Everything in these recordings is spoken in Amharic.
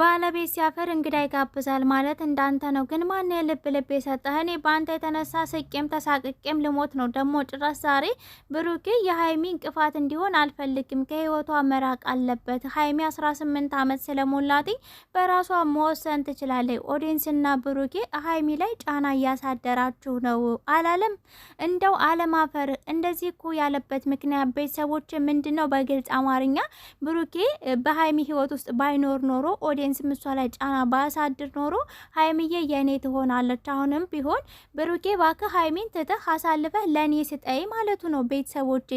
ባለቤት ሲያፈር እንግዳ ይጋብዛል ማለት እንዳንተ ነው። ግን ማን የልብ ልብ የሰጠህ? እኔ በአንተ የተነሳ ስቄም ተሳቅቄም ልሞት ነው። ደግሞ ጭራሽ ዛሬ ብሩኬ የሀይሚ እንቅፋት እንዲሆን አልፈልግም። ከህይወቷ መራቅ አለበት። ሀይሚ 18 ዓመት ስለሞላት በራሷ መወሰን ትችላለች። ኦዲንስና ብሩኬ ሀይሚ ላይ ጫና እያሳደራችሁ ነው አላለም? እንደው አለማፈር እንደዚህ እኮ ያለበት ምክንያት ቤተሰቦች ምንድን ነው? በግልጽ አማርኛ ብሩኬ በሀይሚ ህይወት ውስጥ ባይኖር ኖሮ ኦዲንስ ሳይንስም እሷ ላይ ጫና ባያሳድር ኖሮ ሀይምዬ የእኔ ትሆናለች። አሁንም ቢሆን ብሩኬ እባክህ ሀይሜን ትተህ አሳልፈህ ለእኔ ስጠይ ማለቱ ነው። ቤተሰቦቼ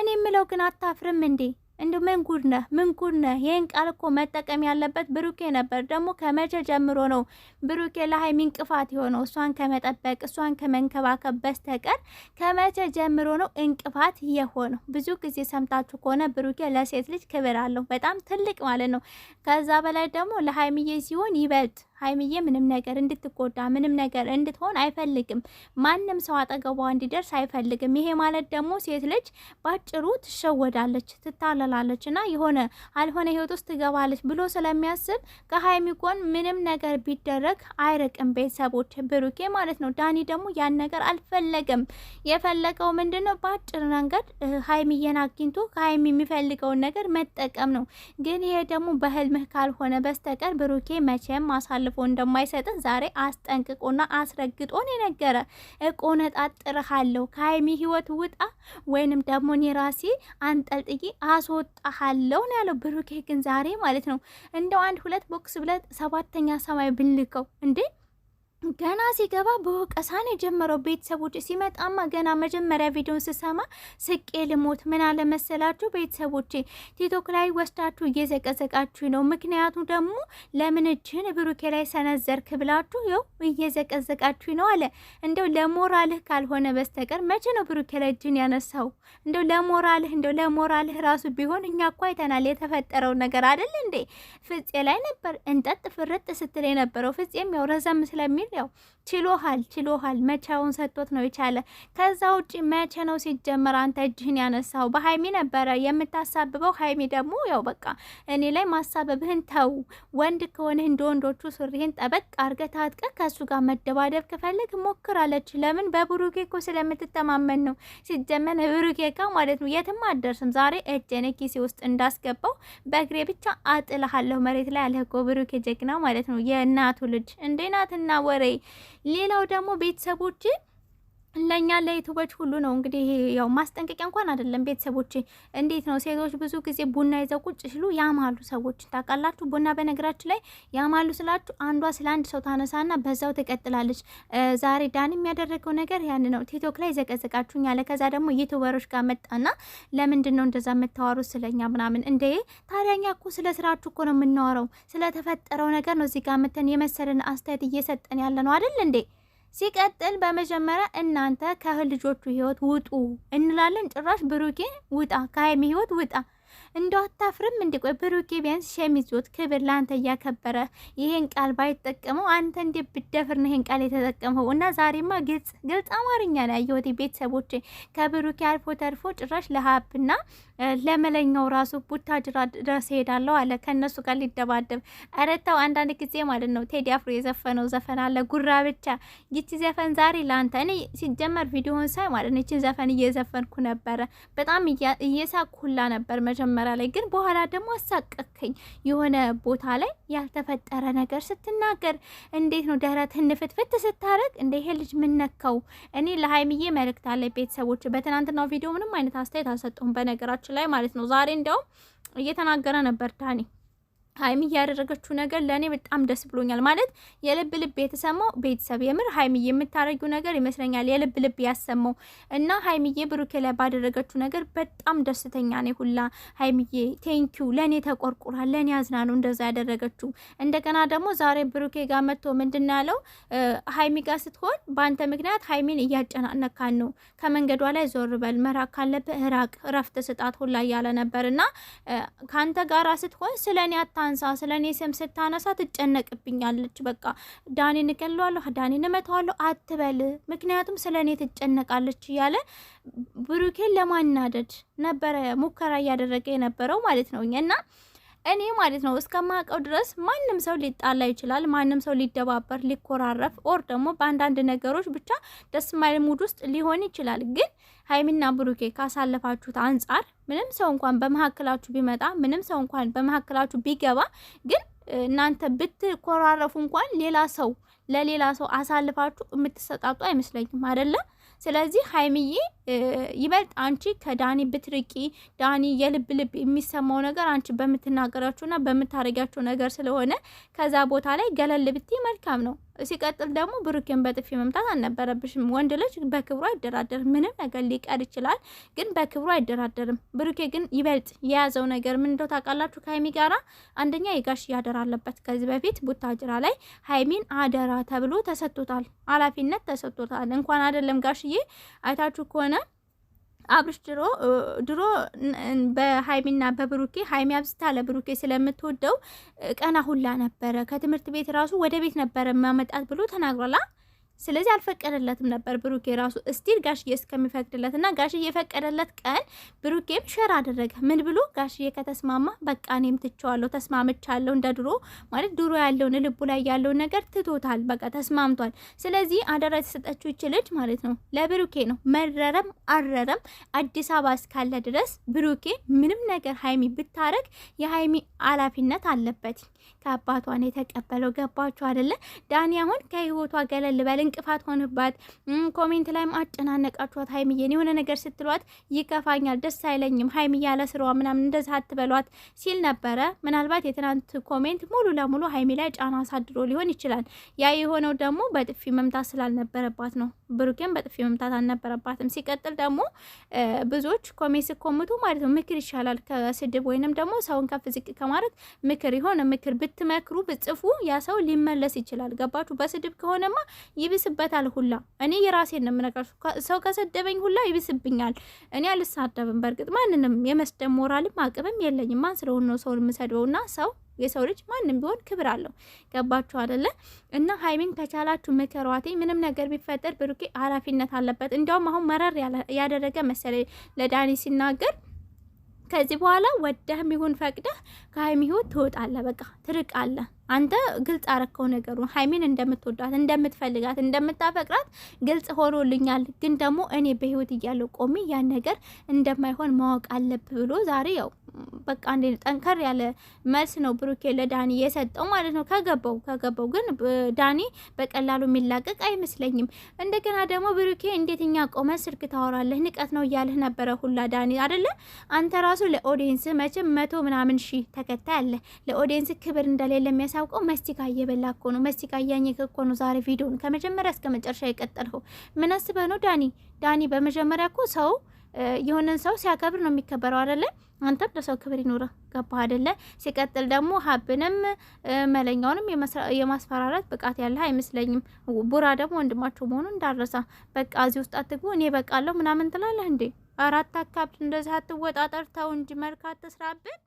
እኔ የምለው ግን አታፍርም እንዴ? እንዲ ምን ጉድ ነህ? ምን ጉድ ነህ? ይህን ቃል እኮ መጠቀም ያለበት ብሩኬ ነበር። ደግሞ ከመቼ ጀምሮ ነው ብሩኬ ለሀይሚ እንቅፋት የሆነው? እሷን ከመጠበቅ እሷን ከመንከባከብ በስተቀር ከመቼ ጀምሮ ነው እንቅፋት የሆነው? ብዙ ጊዜ ሰምታችሁ ከሆነ ብሩኬ ለሴት ልጅ ክብር አለው፣ በጣም ትልቅ ማለት ነው። ከዛ በላይ ደግሞ ለሀይሚዬ ሲሆን ይበልጥ ሀይምዬ ምንም ነገር እንድትጎዳ ምንም ነገር እንድትሆን አይፈልግም። ማንም ሰው አጠገቧ እንዲደርስ አይፈልግም። ይሄ ማለት ደግሞ ሴት ልጅ ባጭሩ ትሸወዳለች፣ ትታለላለች እና የሆነ አልሆነ ህይወት ውስጥ ትገባለች ብሎ ስለሚያስብ ከሀይሚ ጎን ምንም ነገር ቢደረግ አይርቅም። ቤተሰቦች ብሩኬ ማለት ነው። ዳኒ ደግሞ ያን ነገር አልፈለገም። የፈለገው ምንድን ነው? በአጭር መንገድ ሀይሚዬን አግኝቶ ከሀይሚ የሚፈልገውን ነገር መጠቀም ነው። ግን ይሄ ደግሞ በህልምህ ካልሆነ በስተቀር ብሩኬ መቼም ማሳለ አሳልፎ እንደማይሰጥህ ዛሬ አስጠንቅቆና አስረግጦ ነው የነገረ። እቆነጣጥርሃለሁ፣ ከሀይሚ ህይወት ውጣ፣ ወይንም ደግሞ እኔ ራሴ አንጠልጥዬ አስወጣሃለሁ ነው ያለው። ብሩኬ ግን ዛሬ ማለት ነው እንደው አንድ ሁለት ቦክስ ብለት ሰባተኛ ሰማይ ብልከው እንዴ ገና ሲገባ በወቀሳን የጀመረው ቤተሰቦች ሲመጣማ ገና መጀመሪያ ቪዲዮን ስሰማ ስቄ ልሞት። ምን አለመሰላችሁ መሰላችሁ ቤተሰቦቼ፣ ቲክቶክ ላይ ወስዳችሁ እየዘቀዘቃችሁ ነው። ምክንያቱ ደግሞ ለምን እጅህን ብሩኬ ላይ ሰነዘርክ ብላችሁ ይኸው እየዘቀዘቃችሁ ነው አለ። እንደው ለሞራልህ ካልሆነ በስተቀር መቼ ነው ብሩኬ ላይ እጅን ያነሳው? እንደው ለሞራልህ እንደው ለሞራልህ ራሱ ቢሆን እኛ እኮ አይተናል የተፈጠረው ነገር አይደል እንዴ? ፍጼ ላይ ነበር እንጠጥ ፍርጥ ስትል የነበረው ፍፄም ያው ረዘም ስለሚል ግን ያው ችሎሃል ችሎሃል መቻውን ሰጥቶት ነው የቻለ። ከዛ ውጭ መቼ ነው ሲጀመር አንተ እጅህን ያነሳው? በሀይሚ ነበረ የምታሳብበው። ሀይሚ ደግሞ ያው በቃ እኔ ላይ ማሳበብህን ተው። ወንድ ከሆንህ እንደ ወንዶቹ ሱሪህን ጠበቅ አርገ ታጥቀ ከእሱ ጋር መደባደብ ክፈልግ ሞክር አለች። ለምን በብሩኬ እኮ ስለምትተማመን ነው። ሲጀመር ብሩኬ ጋ ማለት ነው የትም አደርስም። ዛሬ እጄን ኪሴ ውስጥ እንዳስገባው በእግሬ ብቻ አጥልሃለሁ መሬት ላይ አለህ እኮ ብሩኬ ጀግና ማለት ነው። የእናቱ ልጅ እንዴ ናትና ወ ነበረ። ሌላው ደግሞ ቤተሰቦችን ለእኛ ለዩቱቦች ሁሉ ነው እንግዲህ ያው ማስጠንቀቂያ እንኳን አይደለም። ቤተሰቦች እንዴት ነው ሴቶች ብዙ ጊዜ ቡና ይዘው ቁጭ ሲሉ ያማሉ። ሰዎች ታውቃላችሁ፣ ቡና በነገራችሁ ላይ ያማሉ ስላችሁ አንዷ ስለ አንድ ሰው ታነሳና በዛው ትቀጥላለች። ዛሬ ዳን የሚያደረገው ነገር ያን ነው። ቲክቶክ ላይ ዘቀዘቃችሁኝ አለ። ከዛ ደግሞ ዩቱበሮች ጋር መጣና ለምንድን ነው እንደዛ የምታዋሩ ስለኛ ምናምን? እንዴ ታዲያኛ እኮ ስለ ስራችሁ እኮ ነው የምናወራው። ስለተፈጠረው ነገር ነው እዚህ ጋር መተን የመሰለን አስተያየት እየሰጠን ያለ ነው አይደል እንዴ? ሲቀጥል በመጀመሪያ እናንተ ልጆቹ ህይወት ውጡ እንላለን። ጭራሽ ብሩኬ ውጣ፣ ከሀይሚ ህይወት ውጣ። እንደው አታፍርም? እንዲቆይ ብሩኬ ቢያንስ ሸሚዞት ክብር ለአንተ እያከበረ ይሄን ቃል ባይጠቀመው አንተ እንዴ ብደፍር ነው ይሄን ቃል የተጠቀመው? እና ዛሬማ ግልጽ ግልጽ አማርኛ ላይ የወቴ ቤተሰቦቼ ከብሩኬ አልፎ ተርፎ ጭራሽ ለሀብና ለመለኛው ራሱ ቡታጅራ ድረስ ሄዳለሁ አለ ከእነሱ ጋር ሊደባደብ። እረታው አንዳንድ ጊዜ ማለት ነው ቴዲ አፍሮ የዘፈነው ዘፈን አለ ጉራ ብቻ። ይቺ ዘፈን ዛሬ ለአንተ እኔ ሲጀመር ቪዲዮን ሳይ ማለት ነው ይቺን ዘፈን እየዘፈንኩ ነበረ። በጣም እየሳኩላ ነበር መጀመሪያ ላይ፣ ግን በኋላ ደግሞ አሳቀከኝ። የሆነ ቦታ ላይ ያልተፈጠረ ነገር ስትናገር እንዴት ነው ደረትህን ፍትፍት ስታደርግ እንደ ይሄ ልጅ ምነካው። እኔ ለሀይምዬ መልእክት አለ ቤተሰቦች፣ በትናንትናው ቪዲዮ ምንም አይነት አስተያየት አልሰጠሁም በነገራቸው ላይ ማለት ነው። ዛሬ እንዲያውም እየተናገረ ነበር ዳኒ ሀይሚዬ ያደረገችው ነገር ለእኔ በጣም ደስ ብሎኛል። ማለት የልብ ልብ የተሰማው ቤተሰብ የምር ሀይሚዬ የምታደረጊው ነገር ይመስለኛል የልብ ልብ ያሰማው እና ሀይሚዬ ብሩኬ ላይ ባደረገችው ነገር በጣም ደስተኛ ነኝ። ሁላ ሀይሚዬ ቴንኪዩ ለእኔ ተቆርቁራ፣ ለእኔ አዝና ነው እንደዛ ያደረገችው። እንደገና ደግሞ ዛሬ ብሩኬ ጋር መጥቶ ምንድን ያለው ሀይሚ ጋር ስትሆን በአንተ ምክንያት ሀይሚን እያጨናነካን ነው፣ ከመንገዷ ላይ ዞር በል፣ መራቅ ካለብህ ራቅ፣ እረፍት ስጣት ሁላ እያለ ነበር እና ከአንተ ጋራ ስትሆን ስለ እኔ አታ ታንሳ፣ ስለ እኔ ስም ስታነሳ ትጨነቅብኛለች። በቃ ዳኔን እገለዋለሁ፣ ዳኔን እመታዋለሁ አትበል፣ ምክንያቱም ስለ እኔ ትጨነቃለች እያለ ብሩኬን ለማናደድ ነበረ ሙከራ እያደረገ የነበረው ማለት ነው እና እኔ ማለት ነው እስከማውቀው ድረስ ማንም ሰው ሊጣላ ይችላል። ማንም ሰው ሊደባበር፣ ሊኮራረፍ ኦር ደግሞ በአንዳንድ ነገሮች ብቻ ደስ ማይል ሙድ ውስጥ ሊሆን ይችላል። ግን ሀይሚና ብሩኬ ካሳለፋችሁት አንጻር ምንም ሰው እንኳን በመሀከላችሁ ቢመጣ፣ ምንም ሰው እንኳን በመሀከላችሁ ቢገባ ግን እናንተ ብትኮራረፉ እንኳን ሌላ ሰው ለሌላ ሰው አሳልፋችሁ የምትሰጣጡ አይመስለኝም አይደለም። ስለዚህ ሀይሚዬ ይበልጥ አንቺ ከዳኒ ብትርቂ ዳኒ የልብ ልብ የሚሰማው ነገር አንቺ በምትናገራችሁና በምታረጊያችሁ ነገር ስለሆነ ከዛ ቦታ ላይ ገለል ብትይ መልካም ነው። ሲቀጥል ደግሞ ብሩኬን በጥፊ መምታት አልነበረብሽም። ወንድ ልጅ በክብሩ አይደራደርም። ምንም ነገር ሊቀር ይችላል፣ ግን በክብሩ አይደራደርም። ብሩኬ ግን ይበልጥ የያዘው ነገር ምን እንደው ታውቃላችሁ? ከሀይሚ ጋራ አንደኛ የጋሽ አደራ አለበት። ከዚህ በፊት ቡታጅራ ላይ ሀይሚን አደራ ተብሎ ተሰጥቶታል፣ ኃላፊነት ተሰጥቶታል። እንኳን አይደለም ጋሽዬ አይታችሁ ከሆነ አብርሽ ድሮ ድሮ በሀይሚና በብሩኬ ሀይሚ አብዝታ ለብሩኬ ስለምትወደው ቀና ሁላ ነበረ። ከትምህርት ቤት ራሱ ወደ ቤት ነበረ ማመጣት ብሎ ተናግሯላ። ስለዚህ አልፈቀደለትም ነበር ብሩኬ ራሱ እስቲል ጋሽዬ እስከሚፈቅድለት እና ጋሽዬ የፈቀደለት ቀን ብሩኬም ሸር አደረገ። ምን ብሎ ጋሽዬ ከተስማማ በቃ እኔም ትቸዋለሁ፣ ተስማምቻለሁ። እንደ ድሮ ማለት ድሮ ያለውን ልቡ ላይ ያለውን ነገር ትቶታል። በቃ ተስማምቷል። ስለዚህ አደራ የተሰጠችው ይች ልጅ ማለት ነው ለብሩኬ ነው። መረረም አረረም አዲስ አበባ እስካለ ድረስ ብሩኬ ምንም ነገር ሀይሚ ብታረግ የሀይሚ አላፊነት አለበት። ከአባቷን የተቀበለው ገባችሁ አደለ? ዳኒ አሁን ከህይወቷ ገለል እንቅፋት ሆነባት። ኮሜንት ላይም አጨናነቃችኋት። ሀይምዬን የሆነ ነገር ስትሏት ይከፋኛል፣ ደስ አይለኝም፣ ሀይምዬ ያለ ስራዋ ምናምን እንደዛ አትበሏት ሲል ነበረ። ምናልባት የትናንት ኮሜንት ሙሉ ለሙሉ ሀይሚ ላይ ጫና አሳድሮ ሊሆን ይችላል። ያ የሆነው ደግሞ በጥፊ መምታት ስላልነበረባት ነው። ብሩኬን በጥፊ መምታት አልነበረባትም። ሲቀጥል ደግሞ ብዙዎች ኮሜንት ስኮምቱ ማለት ነው ምክር ይሻላል ከስድብ ወይንም ደግሞ ሰውን ከፍ ዝቅ ከማድረግ ምክር የሆነ ምክር ብትመክሩ ብጽፉ ያ ሰው ሊመለስ ይችላል። ገባችሁ? በስድብ ከሆነማ ይብ ይብስበታል ሁላ። እኔ የራሴን ነው የምነግራችሁ። ሰው ከሰደበኝ ሁላ ይብስብኛል። እኔ አልሳደብም። በእርግጥ ማንንም የመስደብ ሞራልም አቅምም የለኝም። ማን ስለሆነ ነው ሰውን የምሰድበውና ሰው የሰው ልጅ ማንም ቢሆን ክብር አለው። ገባችሁ አደለ? እና ሀይሚን ከቻላችሁ ምከሯት። ምንም ነገር ቢፈጠር ብሩኬ ኃላፊነት አለበት። እንዲያውም አሁን መረር ያደረገ መሰለኝ ለዳኒ ሲናገር ከዚህ በኋላ ወደህም ይሁን ፈቅደህ ከሀይሚ ህይወት ትወጣለህ። በቃ ትርቃለህ። አንተ ግልጽ አረከው ነገሩ ሀይሚን እንደምትወዳት እንደምትፈልጋት እንደምታፈቅራት ግልጽ ሆኖልኛል። ግን ደግሞ እኔ በህይወት እያለው ቆሜ ያን ነገር እንደማይሆን ማወቅ አለብህ ብሎ ዛሬ ያው በቃ አንዴ ጠንከር ያለ መልስ ነው ብሩኬ ለዳኒ የሰጠው ማለት ነው። ከገባው ከገባው ግን ዳኒ በቀላሉ የሚላቀቅ አይመስለኝም። እንደገና ደግሞ ብሩኬ እንዴት እኛ ስልክ ታወራለህ ንቀት ነው እያልህ ነበረ ሁላ ዳኒ አደለ። አንተ ራሱ ለኦዲየንስ መቼም መቶ ምናምን ሺ ተከታይ አለ። ለኦዲየንስ ክብር እንደሌለ የሚያሳውቀው መስቲካ እየበላ እኮ ነው። መስቲካ እያኘ እኮ ነው ዛሬ ቪዲዮን ከመጀመሪያ እስከ መጨረሻ የቀጠልኸው። ምን አስበህ ነው ዳኒ? ዳኒ በመጀመሪያ እኮ ሰው የሆነን ሰው ሲያከብር ነው የሚከበረው አደለ? አንተም ለሰው ክብር ይኖረ ገባህ አደለ? ሲቀጥል ደግሞ ሀብንም መለኛውንም የማስፈራራት ብቃት ያለህ አይመስለኝም። ቡራ ደግሞ ወንድማቸው መሆኑን እንዳረሳ በቃ እዚህ ውስጥ አትግቡ፣ እኔ በቃለሁ ምናምን ትላለህ እንዴ? አራት አካብድ እንደዚህ አትወጣጠር፣ ተው እንጂ መልክ አትስራብን።